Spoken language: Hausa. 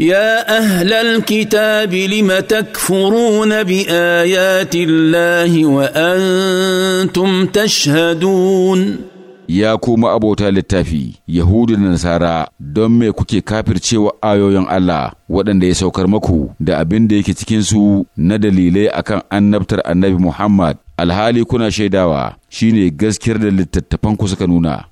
يا اهل الكتاب لم تكفرون بايات الله وانتم تشهدون ya kuma abota littafi Yahudu da Nasara don me kuke kafircewa ayoyin Allah waɗanda ya saukar maku da abinda da yake cikinsu na dalilai akan annabtar annabi Muhammad alhali kuna shaidawa shine gaskiyar da littattafanku suka nuna.